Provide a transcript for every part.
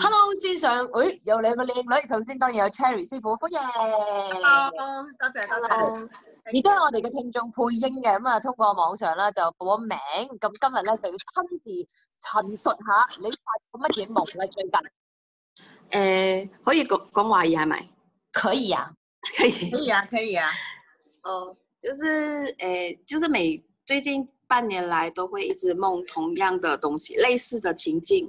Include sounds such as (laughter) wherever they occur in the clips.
Hello，先生，誒、哎、有兩個靚女，首先當然有 Cherry 師傅歡迎，Hello，多謝多謝，而家我哋嘅聽眾配音嘅，咁啊通過網上啦就報咗名，咁今日咧就要親自陳述下你發咗乜嘢夢啊最近萌萌，誒可以講講話嘢係咪？可以啊，可以，可以啊，可以啊，哦，就是誒、呃，就是每最近半年嚟都會一直夢同樣嘅東西，類似嘅情境。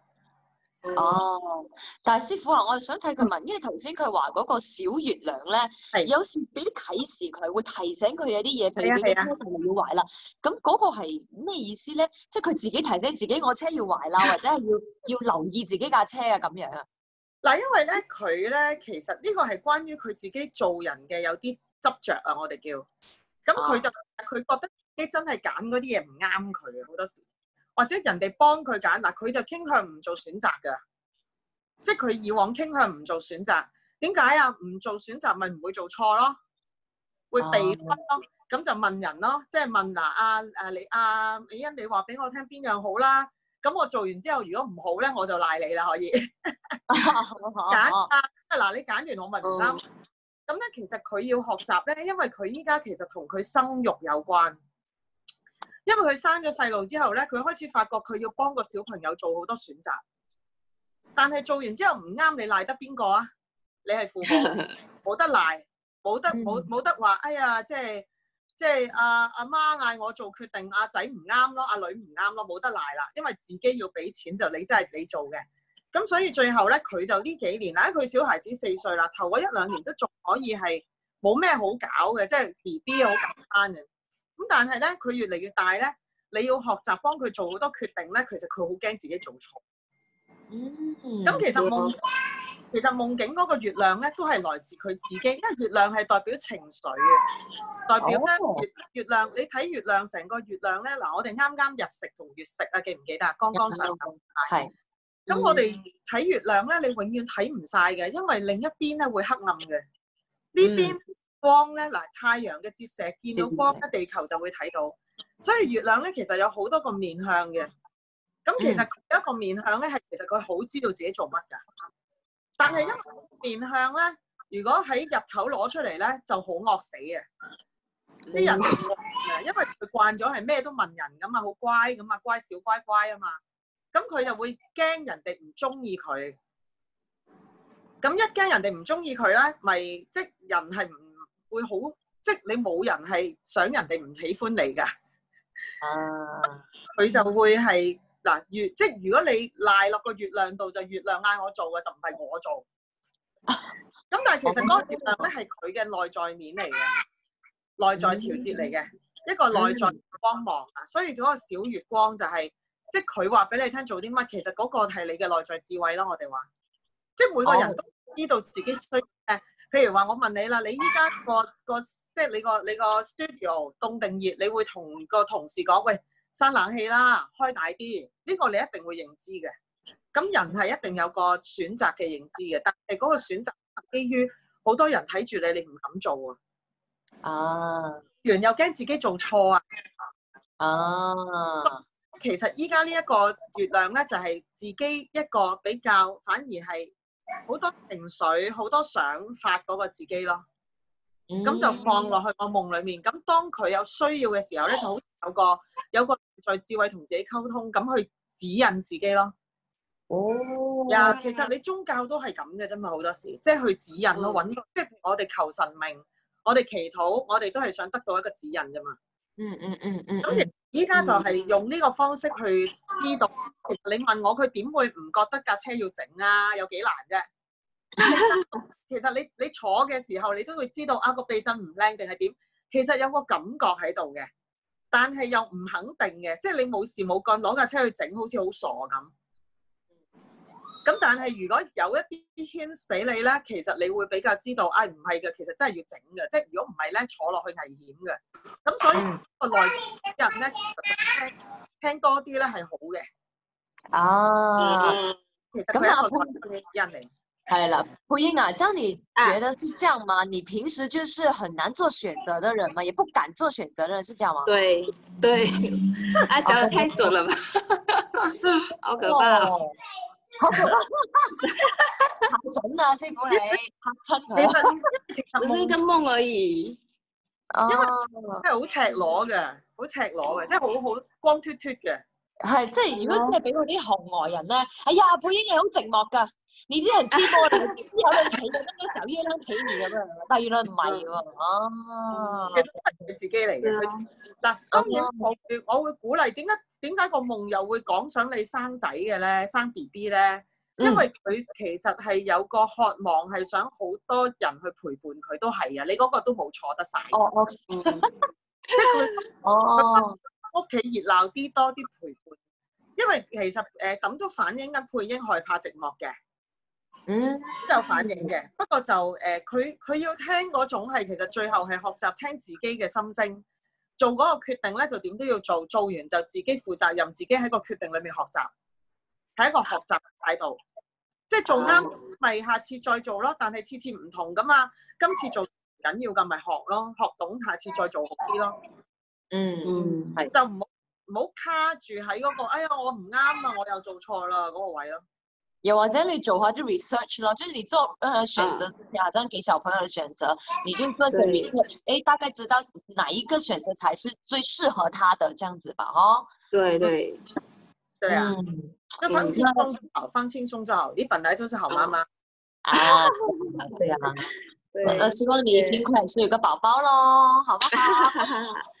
嗯、哦，但係師傅啊，我就想睇佢問，因為頭先佢話嗰個小月亮咧，有時俾啲啟示佢，會提醒佢有啲嘢譬如嘅車要壞啦。咁嗰、啊啊、個係咩意思咧？即係佢自己提醒自己我車要壞啦，或者係要要留意自己架車啊咁樣啊？嗱，因為咧佢咧其實呢個係關於佢自己做人嘅有啲執着啊，我哋叫咁佢就佢、啊、覺得自己真係揀嗰啲嘢唔啱佢啊，好多時。或者人哋幫佢揀，嗱，佢就傾向唔做選擇嘅，即係佢以往傾向唔做選擇。點解啊？唔做選擇咪唔會做錯咯，會避分咯。咁、啊、就問人咯，即係問嗱阿誒李阿李欣，你話俾、啊、我聽邊樣好啦。咁我做完之後，如果唔好咧，我就賴你啦，可以。揀 (laughs) 啊！嗱，你揀完我咪唔啱。咁、嗯、咧，其實佢要學習咧，因為佢依家其實同佢生育有關。因為佢生咗細路之後咧，佢開始發覺佢要幫個小朋友做好多選擇，但係做完之後唔啱，你賴得邊個啊？你係父母，冇 (laughs) 得賴，冇得冇冇得話，哎呀，即係即係阿阿媽嗌我做決定，阿仔唔啱咯，阿、啊、女唔啱咯，冇得賴啦，因為自己要俾錢就你真係、就是、你做嘅，咁所以最後咧佢就呢幾年，啊佢小孩子四歲啦，頭嗰一兩年都仲可以係冇咩好搞嘅，即係 B B 好簡單嘅。咁但係咧，佢越嚟越大咧，你要學習幫佢做好多決定咧，其實佢好驚自己做錯。嗯。咁其實夢，其實夢境嗰個月亮咧，都係來自佢自己，因為月亮係代表情緒嘅，代表咧月月亮。你睇月亮成個月亮咧，嗱，我哋啱啱日食同月食啊，記唔記得？剛剛上到。係。咁我哋睇月亮咧，你永遠睇唔晒嘅，因為另一邊咧會黑暗嘅，呢邊。光咧嗱，太陽嘅折射見到光咧，地球就會睇到。所以月亮咧，其實有好多個面向嘅。咁其實有一個面向咧，係其實佢好知道自己做乜噶。但係因為面向咧，如果喺入口攞出嚟咧，就好惡死呀。啲、嗯、人因為佢慣咗係咩都問人噶嘛，好乖噶嘛，乖小乖乖啊嘛。咁佢就會驚人哋唔中意佢。咁一驚人哋唔中意佢咧，咪即人係唔？會好，即係你冇人係想人哋唔喜歡你㗎。啊，佢就會係嗱，月，即係如果你賴落個月亮度，就月亮嗌我做嘅，就唔係我做。咁、uh, 但係其實嗰個月亮咧係佢嘅內在面嚟嘅，uh, 內在調節嚟嘅、uh, uh, 一個內在光芒啊。所以嗰個小月光就係、是、即係佢話俾你聽做啲乜，其實嗰個係你嘅內在智慧咯。我哋話，即係每個人都知道自己需誒。Uh, 譬如話，我問你啦，你依家個個即係你個你個 studio 凍定熱，你會同個同事講，喂，閂冷氣啦，開大啲，呢、這個你一定會認知嘅。咁人係一定有個選擇嘅認知嘅，但係嗰個選擇基於好多人睇住你，你唔敢做啊。啊，完又驚自己做錯啊。啊，其實依家呢一個月亮咧，就係、是、自己一個比較，反而係。好多情緒，好多想法嗰個自己咯，咁、mm -hmm. 就放落去個夢裡面。咁當佢有需要嘅時候咧，就好似有個有個在智慧同自己溝通，咁去指引自己咯。哦，呀，其實你宗教都係咁嘅啫嘛，好多時即係去指引咯，搵到、mm -hmm. 即係我哋求神明，我哋祈禱，我哋都係想得到一個指引啫嘛。嗯嗯嗯嗯。咁而依家就係用呢個方式去指導。其實你問我佢點會唔覺得架車要整啊？有幾難啫、啊？ (laughs) 其實你你坐嘅時候，你都會知道啊，個避震唔靚定係點。其實有個感覺喺度嘅，但係又唔肯定嘅，即係你冇事冇幹，攞架車去整，好似好傻咁。咁但係如果有一啲 hints 俾你咧，其實你會比較知道啊，唔係嘅，其實真係要整嘅，即係如果唔係咧坐落去危險嘅。咁所以個內人咧聽，聽多啲咧係好嘅。啊，咁、嗯、啊，一樣係啦，胡英啊，即係你覺得是這樣嗎，啊？你平時就是很難做選擇的人嗎？也不敢做選擇的人是這樣嗎？對對， (laughs) (laughs) 啊，講、就、得、是、太準吧，好可怕，哦，好準啊，師傅 (laughs) 你，太準啦，只係一個夢而已。啊，即係好赤裸嘅，好赤裸嘅，即係好好光脫脫嘅。係，即係如果真係俾到啲行外人咧，哎呀，配音係好寂寞㗎。你啲人，的人 (laughs) 我知波啦，知口你企在嗰啲時候，咿啦屁面咁樣，但係唔係喎。哦，其實都係佢自己嚟嘅。嗱，當然我會，嗯、我會鼓勵。點解點解個夢又會講想你生仔嘅咧？生 B B 咧？因為佢其實係有個渴望，係想好多人去陪伴佢，都係啊。你嗰個都冇坐得晒。哦，即係佢屋企熱鬧啲，多啲陪伴。因為其實誒咁、呃、都反映緊配音害怕寂寞嘅，嗯，都有反映嘅。不過就誒，佢、呃、佢要聽嗰種係，其實最後係學習聽自己嘅心聲，做嗰個決定咧，就點都要做，做完就自己負責任，自己喺個決定裏面學習，係一個學習態度。即係做啱，咪下次再做咯。但係次次唔同噶嘛，今次做緊要噶，咪學咯，學懂下次再做好啲咯。嗯，係就唔好。唔好卡住喺嗰、那個，哎呀，我唔啱啊，我又做錯啦嗰、那個位咯。有或、啊、者你做下就 research 咯即係你做嘅選擇，亞洲嘅小朋友嘅選擇，你就做成 research，誒大概知道哪一個選擇才是最適合他的，咁樣子吧，哦。對對對啊，那、嗯、放輕鬆就，、嗯、就好，放輕鬆就好，你本來就是好媽媽。啊，對啊，對啊，我、呃呃、希望你儘快是有個寶寶咯，好唔好？嗯 (laughs)